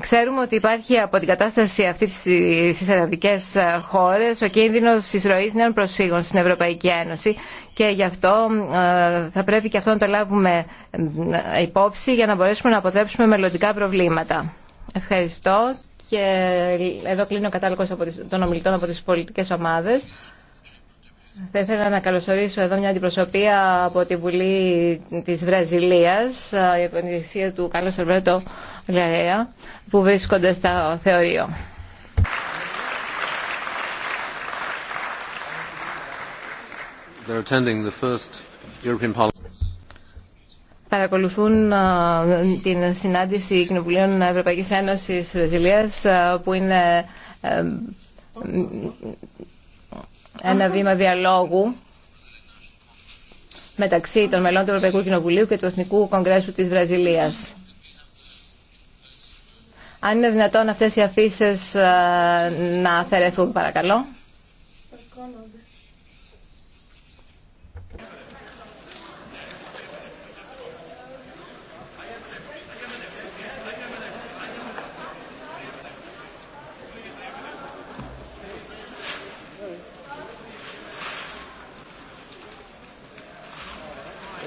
Ξέρουμε ότι υπάρχει από την κατάσταση αυτή στις Ελληνικέ χώρες ο κίνδυνος εισρωή νέων προσφύγων στην Ευρωπαϊκή Ένωση και γι' αυτό ε, θα πρέπει και αυτό να το λάβουμε ε, υπόψη για να μπορέσουμε να αποτρέψουμε μελλοντικά προβλήματα. Ευχαριστώ και εδώ κλείνω ο κατάλογο των ομιλητών από τις πολιτικέ ομάδε. Θα ήθελα να καλωσορίσω εδώ μια αντιπροσωπεία από τη Βουλή της Βραζιλίας, η επενδυσία του Κάλλος Αλβέρτο Λαρέα, που βρίσκονται στα θεωρείο. Παρακολουθούν την συνάντηση Κοινοβουλίων Ευρωπαϊκής Ένωσης Βραζιλίας, που είναι ε, ένα βήμα διαλόγου μεταξύ των μελών του Ευρωπαϊκού Κοινοβουλίου και του Εθνικού Κογκρέσου της Βραζιλίας. Αν είναι δυνατόν αυτές οι αφήσει ε, να αφαιρεθούν, παρακαλώ.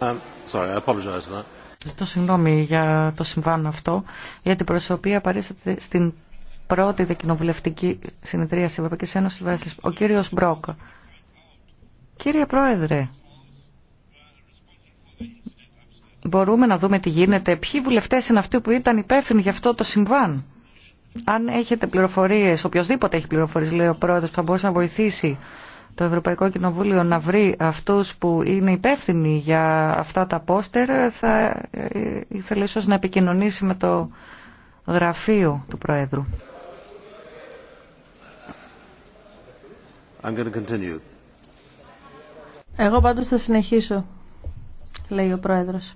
Um, Ζητώ συγγνώμη για το συμβάν αυτό, για την προσωπία παρήσατε στην πρώτη δεκοινοβουλευτική συνεδρία της Ευρωπαϊκής Ένωσης Βάσης, ο κύριος Μπρόκ. Κύριε Πρόεδρε, μπορούμε να δούμε τι γίνεται. Ποιοι βουλευτές είναι αυτοί που ήταν υπεύθυνοι για αυτό το συμβάν. Αν έχετε πληροφορίες, οποιοδήποτε έχει πληροφορίες, λέει ο Πρόεδρος, θα μπορούσε να βοηθήσει το Ευρωπαϊκό Κοινοβούλιο να βρει αυτούς που είναι υπεύθυνοι για αυτά τα πόστερ θα ε, ήθελε ίσως να επικοινωνήσει με το γραφείο του Προέδρου. Εγώ πάντως θα συνεχίσω, λέει ο Πρόεδρος.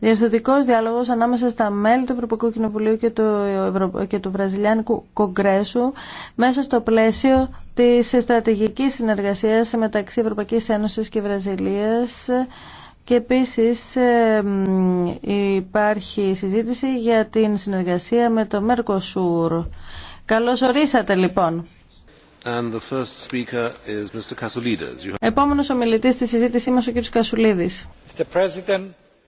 Διευθυντικός διάλογος ανάμεσα στα μέλη του Ευρωπαϊκού Κοινοβουλίου και του, Ευρω... και του Βραζιλιάνικου Κογκρέσου μέσα στο πλαίσιο της στρατηγικής συνεργασίας μεταξύ Ευρωπαϊκής Ένωσης και Βραζιλίας και επίσης ε, υπάρχει συζήτηση για την συνεργασία με το Mercosur. Καλώ ορίσατε λοιπόν. And the first στη συζήτησή μα, ο κ. Κασουλίδης.